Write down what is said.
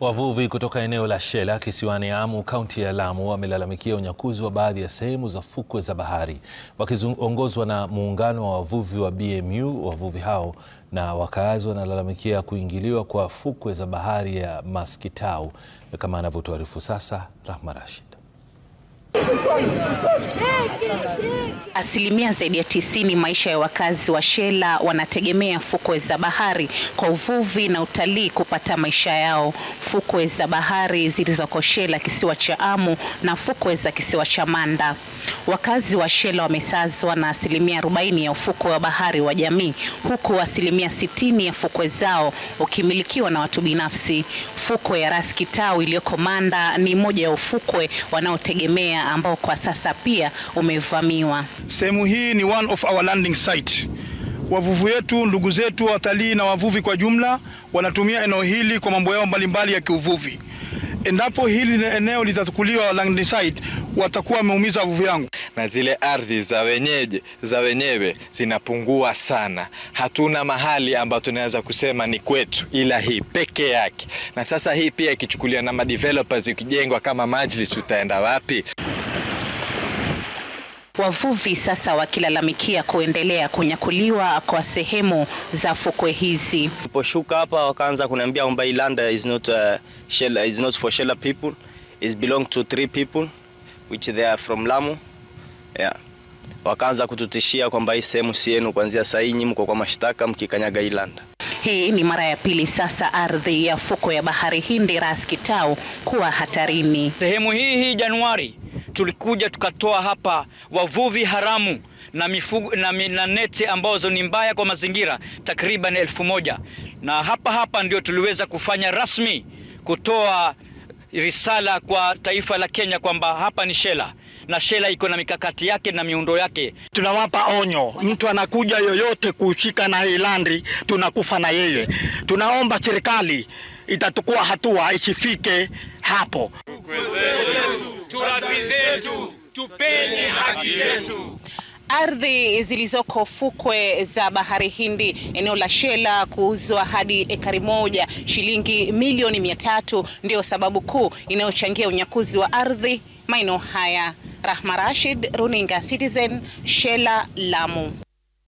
Wavuvi kutoka eneo la Shela kisiwani Amu, kaunti ya Lamu wamelalamikia unyakuzi wa baadhi ya sehemu za fukwe za bahari. Wakiongozwa na muungano wa wavuvi wa BMU, wavuvi hao na wakazi wanalalamikia kuingiliwa kwa fukwe za bahari ya Maskitau, kama anavyotuarifu sasa Rahma Rashid. Asilimia zaidi ya tisini maisha ya wakazi wa Shela wanategemea fukwe za bahari kwa uvuvi na utalii kupata maisha yao. Fukwe za bahari zilizoko Shela, kisiwa cha Amu na fukwe za kisiwa cha Manda. Wakazi wa Shela wamesazwa na asilimia 40 ya ufukwe wa bahari wa jamii, huku asilimia 60 ya fukwe zao ukimilikiwa na watu binafsi. Fukwe ya Ras Kitau iliyoko Manda ni moja ya ufukwe wanaotegemea ambao kwa sasa pia umevamiwa. Sehemu hii ni one of our landing site. Wavuvi wetu, ndugu zetu, watalii na wavuvi kwa jumla wanatumia eneo hili kwa mambo yao mbalimbali ya kiuvuvi. Endapo hili eneo litachukuliwa landing site, watakuwa wameumiza wavuvi wangu na zile ardhi za wenyeji za wenyewe zinapungua sana. Hatuna mahali ambayo tunaweza kusema ni kwetu, ila hii peke yake. Na sasa hii pia ikichukuliwa na madevelopers, ikijengwa kama majlis, tutaenda wapi? Wavuvi sasa wakilalamikia kuendelea kunyakuliwa kwa sehemu za fukwe hizi. Tuliposhuka hapa, wakaanza kuniambia kwamba hii land is not uh, shell, is not for shella people is belong to three people which they are from Lamu yeah. Wakaanza kututishia kwamba hii sehemu si yenu, kuanzia saa hii nyimko kwa mashtaka mkikanyaga Iland. Hii ni mara ya pili sasa ardhi ya fuko ya bahari Hindi Ras Kitau kuwa hatarini. Sehemu hii hii Januari tulikuja tukatoa hapa wavuvi haramu na mifugo na, na neti ambazo ni mbaya kwa mazingira takriban elfu moja na hapa hapa ndio tuliweza kufanya rasmi kutoa risala kwa taifa la Kenya kwamba hapa ni shela na shela iko na mikakati yake na miundo yake. Tunawapa onyo, mtu anakuja yoyote kushika na ilandi, tunakufa na yeye. Tunaomba serikali itatukua hatua isifike hapo. Turafi zetu, haki Ardhi zilizoko fukwe za bahari Hindi eneo la Shela kuuzwa hadi ekari moja shilingi milioni mia tatu ndio sababu kuu inayochangia unyakuzi wa ardhi maeneo haya. Rahma Rashid, Runinga Citizen, Shela Lamu.